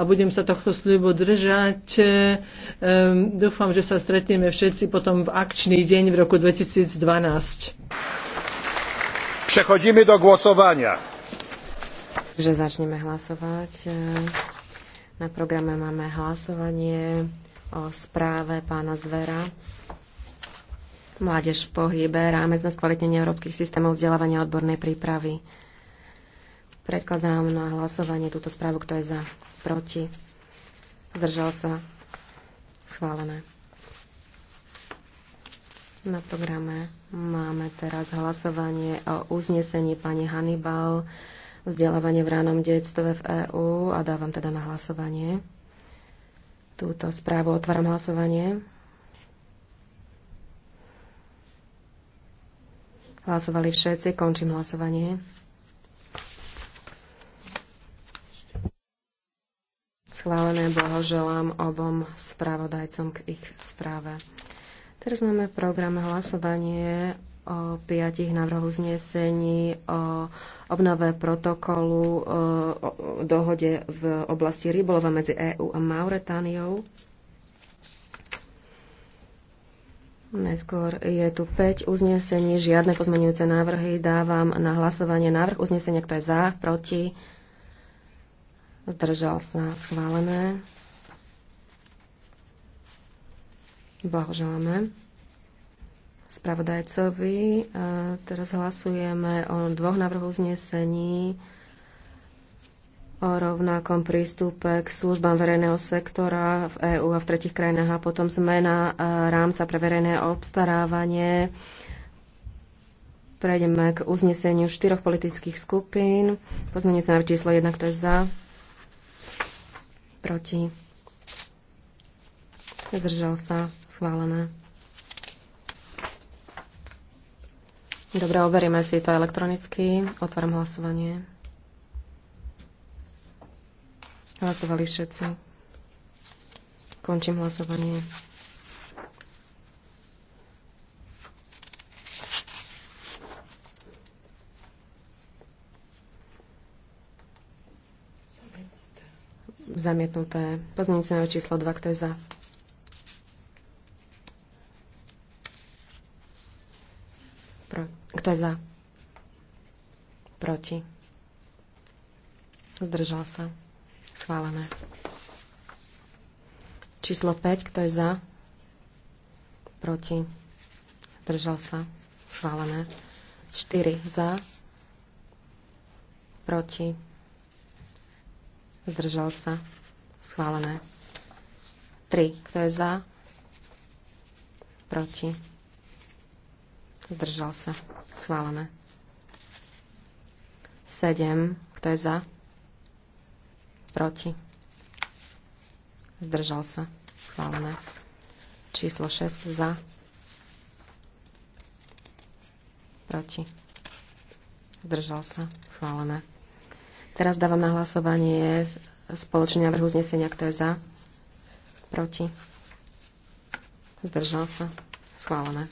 a budem sa tohto slibu držať. Um, dúfam, že sa stretneme všetci potom v akčný deň v roku 2012. Prechodíme do głosowania. Že začneme hlasovať. Na programe máme hlasovanie o správe pána Zvera. Mládež v pohybe, rámec na skvalitnenie európskych systémov vzdelávania odbornej prípravy. Predkladám na hlasovanie túto správu, kto je za, proti, zdržal sa, schválené. Na programe máme teraz hlasovanie o uznesení pani Hannibal, vzdelávanie v ránom detstve v EÚ a dávam teda na hlasovanie. Túto správu otváram hlasovanie. Hlasovali všetci, končím hlasovanie. Schválené blahoželám obom spravodajcom k ich správe. Teraz máme v programe hlasovanie o piatich návrhu znesení o obnove protokolu o dohode v oblasti rybolova medzi EÚ a Mauretániou. Najskôr je tu 5 uznesení, žiadne pozmenujúce návrhy. Dávam na hlasovanie návrh uznesenia, kto je za, proti, zdržal sa schválené. Blahoželáme spravodajcovi. A teraz hlasujeme o dvoch návrhoch znesení o rovnakom prístupe k službám verejného sektora v EÚ a v tretich krajinách a potom zmena e, rámca pre verejné obstarávanie. Prejdeme k uzneseniu štyroch politických skupín. Pozmenie sa na číslo 1, kto je za, proti, zdržal sa, schválené. Dobre, overíme si to elektronicky. Otváram hlasovanie. Hlasovali všetci. Končím hlasovanie. zamietnuté. Pozmeňujúci návrh číslo 2, kto je za? Pro, kto je za? Proti. Zdržal sa. Schválené. Číslo 5, kto je za? Proti. Zdržal sa. Schválené. 4 za. Proti Zdržal sa. Schválené. 3. Kto je za? Proti. Zdržal sa. Schválené. 7. Kto je za? Proti. Zdržal sa. Schválené. Číslo 6. Za. Proti. Zdržal sa. Schválené. Teraz dávam na hlasovanie spoločne návrh uznesenia, kto je za, proti, zdržal sa, schválené.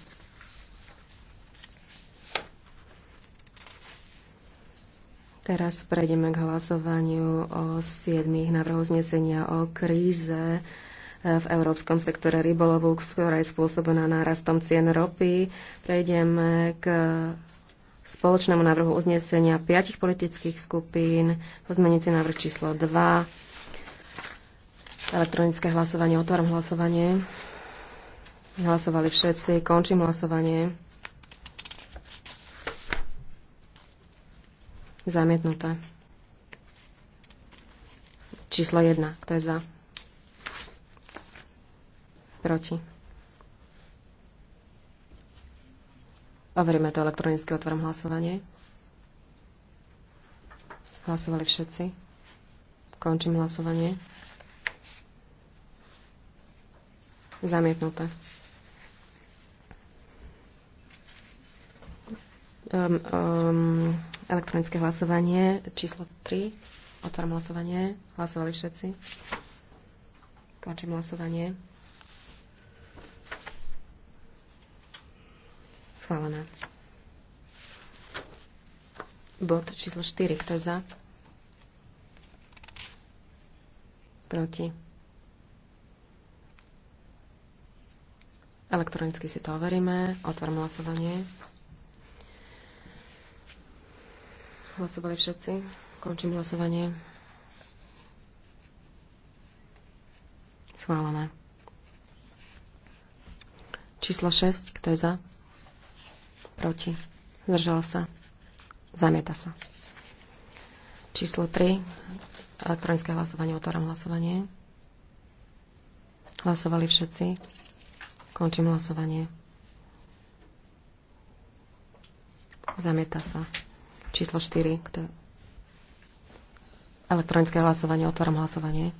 Teraz prejdeme k hlasovaniu o siedmých návrhu znesenia o kríze v európskom sektore rybolovu, ktorá je spôsobená nárastom cien ropy. Prejdeme k spoločnému návrhu uznesenia piatich politických skupín, pozmenujúci návrh číslo 2, elektronické hlasovanie, otváram hlasovanie. Hlasovali všetci, končím hlasovanie. Zamietnuté. Číslo 1, kto je za? Proti. Overíme to elektronicky, otvorím hlasovanie. Hlasovali všetci. Končím hlasovanie. Zamietnuté. Um, um, elektronické hlasovanie číslo 3. Otváram hlasovanie. Hlasovali všetci. Končím hlasovanie. Schválené. Bod číslo 4. Kto je za? Proti. Elektronicky si to overíme. Otvorím hlasovanie. Hlasovali všetci. Končím hlasovanie. Schválené. Číslo 6. Kto je za? proti, zdržal sa, zamieta sa. Číslo 3, elektronické hlasovanie, otváram hlasovanie. Hlasovali všetci, končím hlasovanie. Zamieta sa. Číslo 4, kto Elektronické hlasovanie, otváram hlasovanie.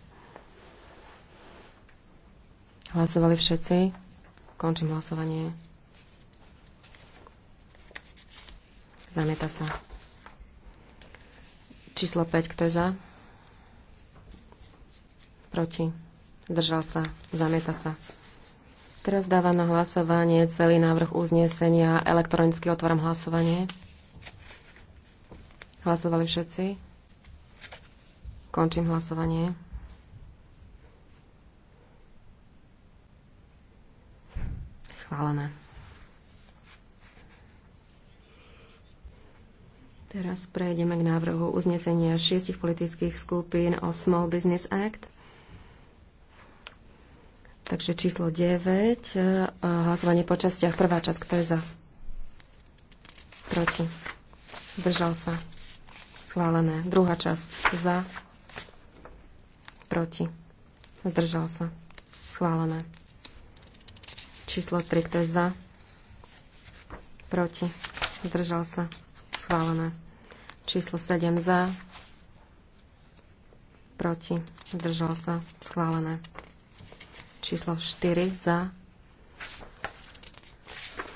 Hlasovali všetci, končím hlasovanie. Zamieta sa. Číslo 5, kto je za? Proti. Držal sa. Zamieta sa. Teraz dávam na hlasovanie celý návrh uznesenia. Elektronicky otváram hlasovanie. Hlasovali všetci? Končím hlasovanie. Schválené. Teraz prejdeme k návrhu uznesenia šiestich politických skupín o Small Business Act. Takže číslo 9, e, hlasovanie po častiach. Prvá časť, kto je za? Proti. Držal sa. Schválené. Druhá časť, za? Proti. Zdržal sa. Schválené. Číslo 3, kto je za? Proti. Zdržal sa. Schválené. Číslo 7 za. Proti. Zdržal sa. Schválené. Číslo 4 za.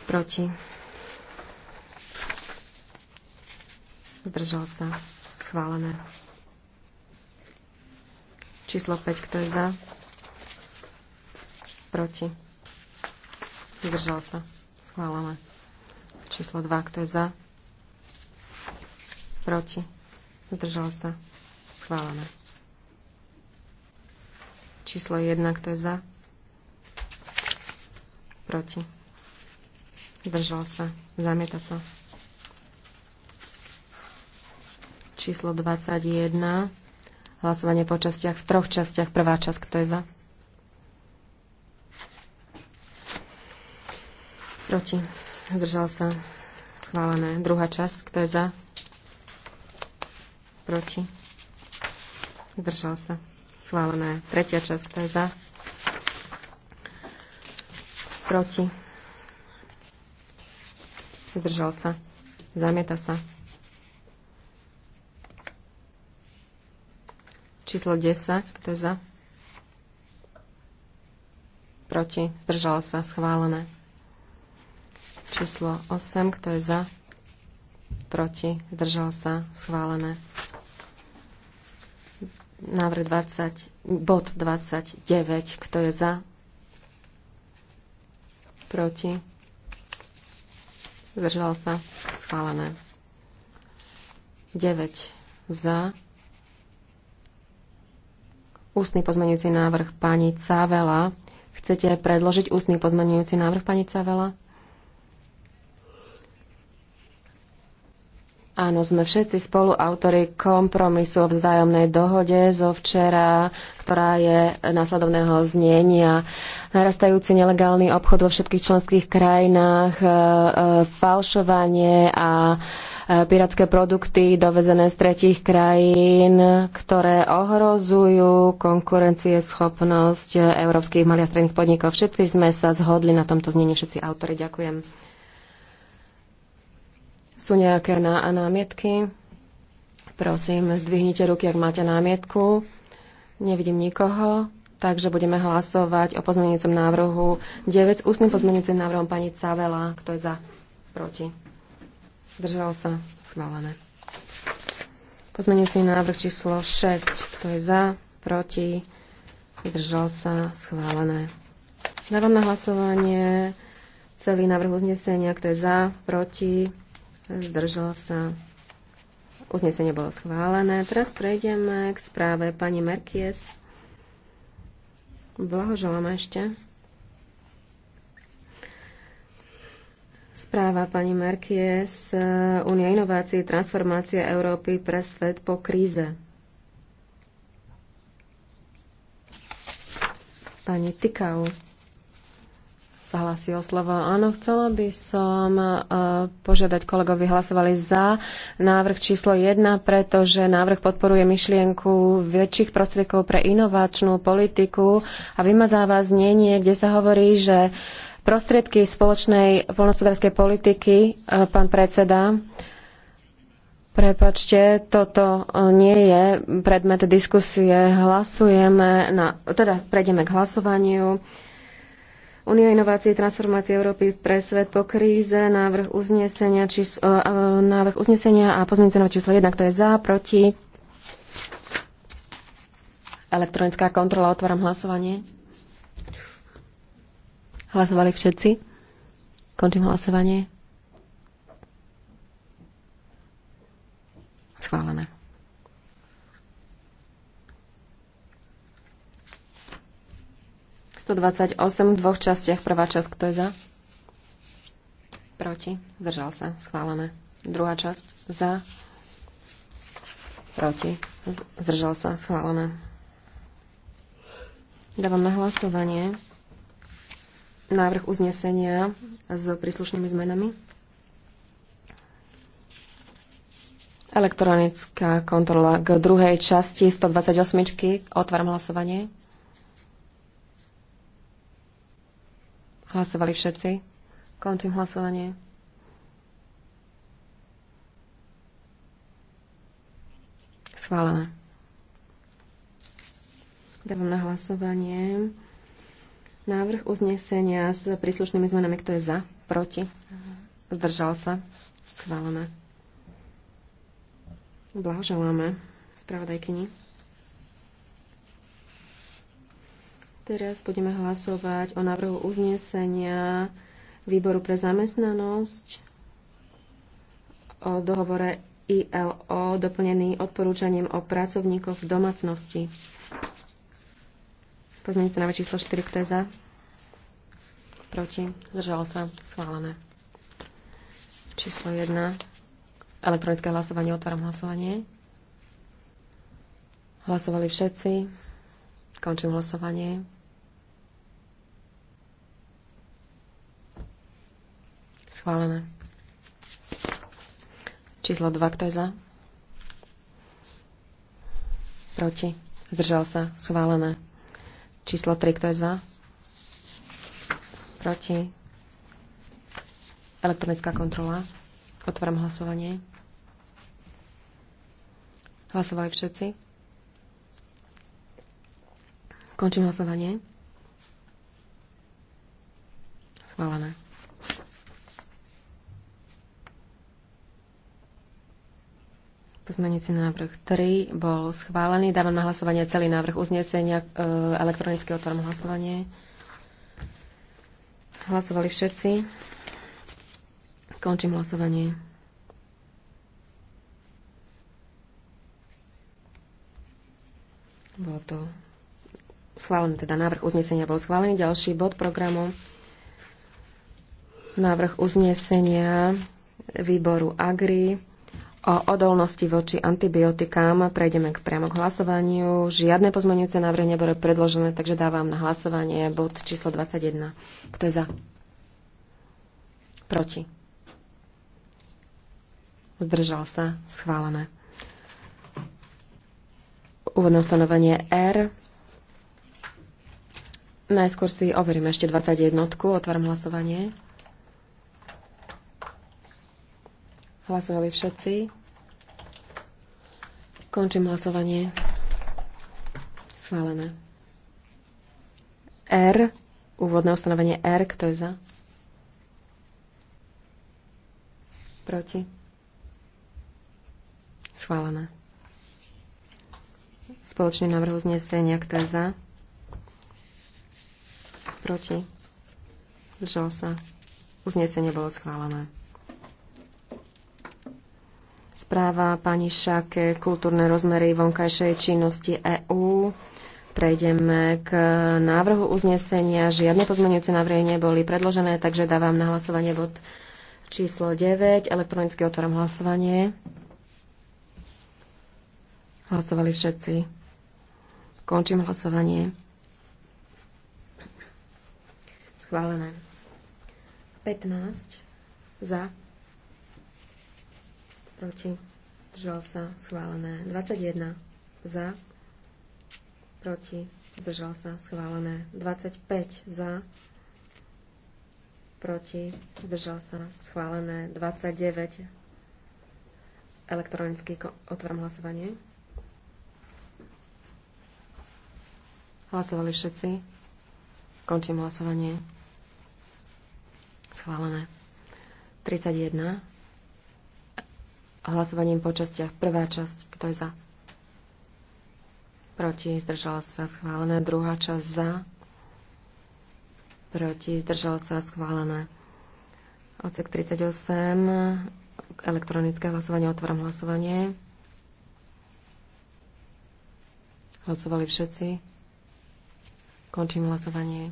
Proti. Zdržal sa. Schválené. Číslo 5. Kto je za? Proti. Zdržal sa. Schválené. Číslo 2. Kto je za? proti, zdržal sa, schválené. Číslo 1, kto je za, proti, zdržal sa, zamieta sa. Číslo 21, hlasovanie po častiach, v troch častiach, prvá časť, kto je za, proti, zdržal sa, schválené. Druhá časť, kto je za, proti, zdržal sa, schválené. Tretia časť, kto je za, proti, zdržal sa, zamieta sa. Číslo 10, kto je za, proti, zdržal sa, schválené. Číslo 8, kto je za, proti, zdržal sa, schválené. Návrh 20, bod 29. Kto je za? Proti? Zdržal sa? Schválené. 9 za. Ústny pozmenujúci návrh pani Cavela. Chcete predložiť ústny pozmenujúci návrh pani Cavela? Áno, sme všetci spoluautori kompromisu o vzájomnej dohode zo včera, ktorá je následovného znenia. Narastajúci nelegálny obchod vo všetkých členských krajinách, e, e, falšovanie a e, pirátske produkty dovezené z tretích krajín, ktoré ohrozujú konkurencieschopnosť európskych malých a stredných podnikov. Všetci sme sa zhodli na tomto znení, všetci autory. Ďakujem. Sú nejaké ná- námietky? Prosím, zdvihnite ruky, ak máte námietku. Nevidím nikoho, takže budeme hlasovať o pozmeňujúcom návrhu 9 s ústnym pozmeňujúcim návrhom pani Cavela. Kto je za? Proti? Zdržal sa? Schválené. Pozmeňujúci návrh číslo 6. Kto je za? Proti? Zdržal sa? Schválené. Dávam na hlasovanie celý návrh uznesenia. Kto je za? Proti? zdržal sa. Uznesenie bolo schválené. Teraz prejdeme k správe pani Merkies. Blahoželám ešte. Správa pani Merkies, eh, Únia inovácií, transformácia Európy pre svet po kríze. Pani Tikau sa hlasí o slovo. Áno, chcela by som e, požiadať kolegovi, hlasovali za návrh číslo 1, pretože návrh podporuje myšlienku väčších prostriedkov pre inovačnú politiku a vymazáva znenie, kde sa hovorí, že prostriedky spoločnej poľnohospodárskej politiky, e, pán predseda, Prepačte, toto e, nie je predmet diskusie. Hlasujeme, na, teda prejdeme k hlasovaniu. Unia inovácie, transformácie Európy pre svet po kríze, návrh uznesenia, čís, návrh uznesenia a pozmeňujúce návrh číslo 1, kto je za, proti. Elektronická kontrola, otváram hlasovanie. Hlasovali všetci? Končím hlasovanie. Schválené. 128 v dvoch častiach. Prvá časť, kto je za? Proti. Zdržal sa. Schválené. Druhá časť. Za. Proti. Zdržal sa. Schválené. Dávam na hlasovanie návrh uznesenia s príslušnými zmenami. Elektronická kontrola k druhej časti 128. Otváram hlasovanie. Hlasovali všetci? Končím hlasovanie. Schválené. Dávam na hlasovanie návrh uznesenia s príslušnými zmenami. Kto je za? Proti? Zdržal sa? Schválené. Blahoželáme spravodajkyni. Teraz budeme hlasovať o návrhu uznesenia Výboru pre zamestnanosť o dohovore ILO doplnený odporúčaním o pracovníkoch v domácnosti. Pozmeňte sa na číslo 4, kto je za? Proti? Zdržalo sa? Schválené. Číslo 1. Elektronické hlasovanie. Otváram hlasovanie. Hlasovali všetci. Končím hlasovanie. Schválené. Číslo 2, kto je za? Proti. Zdržal sa. Schválené. Číslo 3, kto je za? Proti. Elektronická kontrola. Otváram hlasovanie. Hlasovali všetci? Končím hlasovanie. Schválené. pozmeňujúci návrh 3 bol schválený. Dávam na hlasovanie celý návrh uznesenia. E, elektronicky otváram hlasovanie. Hlasovali všetci. Končím hlasovanie. Bolo to schválený, teda návrh uznesenia bol schválený. Ďalší bod programu. Návrh uznesenia výboru AGRI O odolnosti voči antibiotikám prejdeme k priamo k hlasovaniu. Žiadne pozmenujúce návrhy neboli predložené, takže dávam na hlasovanie bod číslo 21. Kto je za? Proti? Zdržal sa? Schválené. Úvodné ustanovenie R. Najskôr si overím ešte 21. Otváram hlasovanie. Hlasovali všetci. Končím hlasovanie. Schválené. R. Úvodné ustanovenie R. Kto je za? Proti. Schválené. Spoločný návrh uznesenia. Kto je za? Proti. Zdržal sa. Uznesenie bolo schválené. Správa pani Šake, kultúrne rozmery vonkajšej činnosti EÚ. Prejdeme k návrhu uznesenia. Žiadne pozmenujúce návrhy neboli predložené, takže dávam na hlasovanie bod číslo 9. Elektronicky otváram hlasovanie. Hlasovali všetci. Končím hlasovanie. Schválené. 15 za, proti, zdržal sa, schválené. 21 za, proti, zdržal sa, schválené. 25 za, proti, zdržal sa, schválené. 29 elektronicky otváram hlasovanie. Hlasovali všetci. Končím hlasovanie. Schválené. 31 hlasovaním po častiach. Prvá časť, kto je za? Proti, zdržala sa schválené. Druhá časť za. Proti, zdržala sa schválené. Odsek 38, elektronické hlasovanie, otváram hlasovanie. Hlasovali všetci. Končím hlasovanie.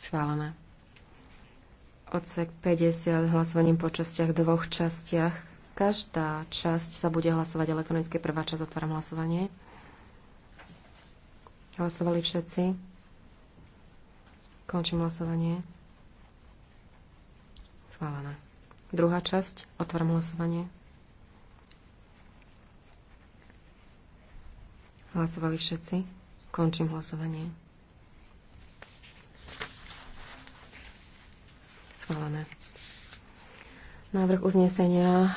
Schválené odsek 50 hlasovaním po častiach, dvoch častiach. Každá časť sa bude hlasovať elektronicky. Prvá časť otváram hlasovanie. Hlasovali všetci. Končím hlasovanie. Schválené. Druhá časť. Otváram hlasovanie. Hlasovali všetci. Končím hlasovanie. Schválené. Návrh uznesenia.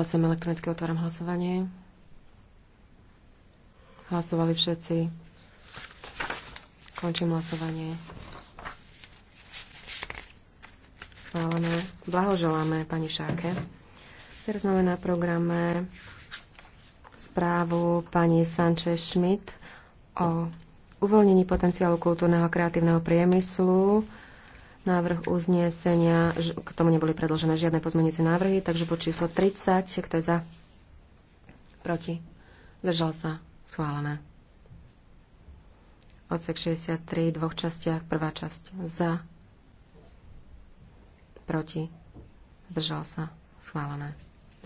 Hlasujem elektronicky, otváram hlasovanie. Hlasovali všetci. Končím hlasovanie. Schválené. Blahoželáme pani Šáke. Teraz máme na programe správu pani Sanchez Schmidt o uvoľnení potenciálu kultúrneho a kreatívneho priemyslu návrh uznesenia, k tomu neboli predložené žiadne pozmenujúce návrhy, takže pod číslo 30, kto je za? Proti? Zdržal sa? Schválené. Odsek 63, dvoch častiach, prvá časť za, proti, zdržal sa, schválené.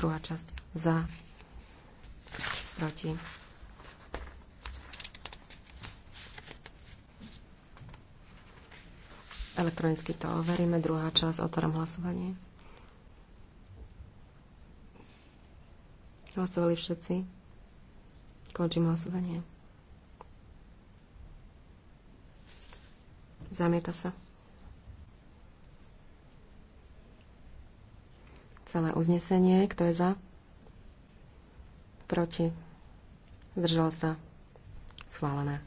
Druhá časť za, proti, Elektronicky to overíme. Druhá časť, otváram hlasovanie. Hlasovali všetci? Končím hlasovanie. Zamieta sa. Celé uznesenie. Kto je za? Proti. Zdržal sa. Schválené.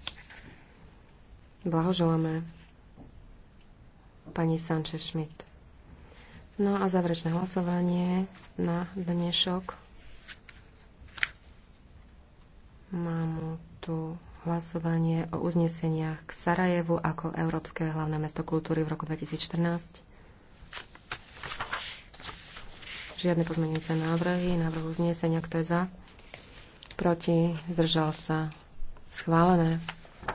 Blahoželáme pani Sanchez-Schmidt. No a záverečné hlasovanie na dnešok. Mám tu hlasovanie o uzneseniach k Sarajevu ako Európske hlavné mesto kultúry v roku 2014. Žiadne pozmenujúce návrhy, návrh uznesenia, kto je za, proti, zdržal sa, schválené.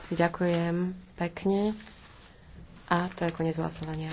Ďakujem pekne. A to je koniec hlasovania.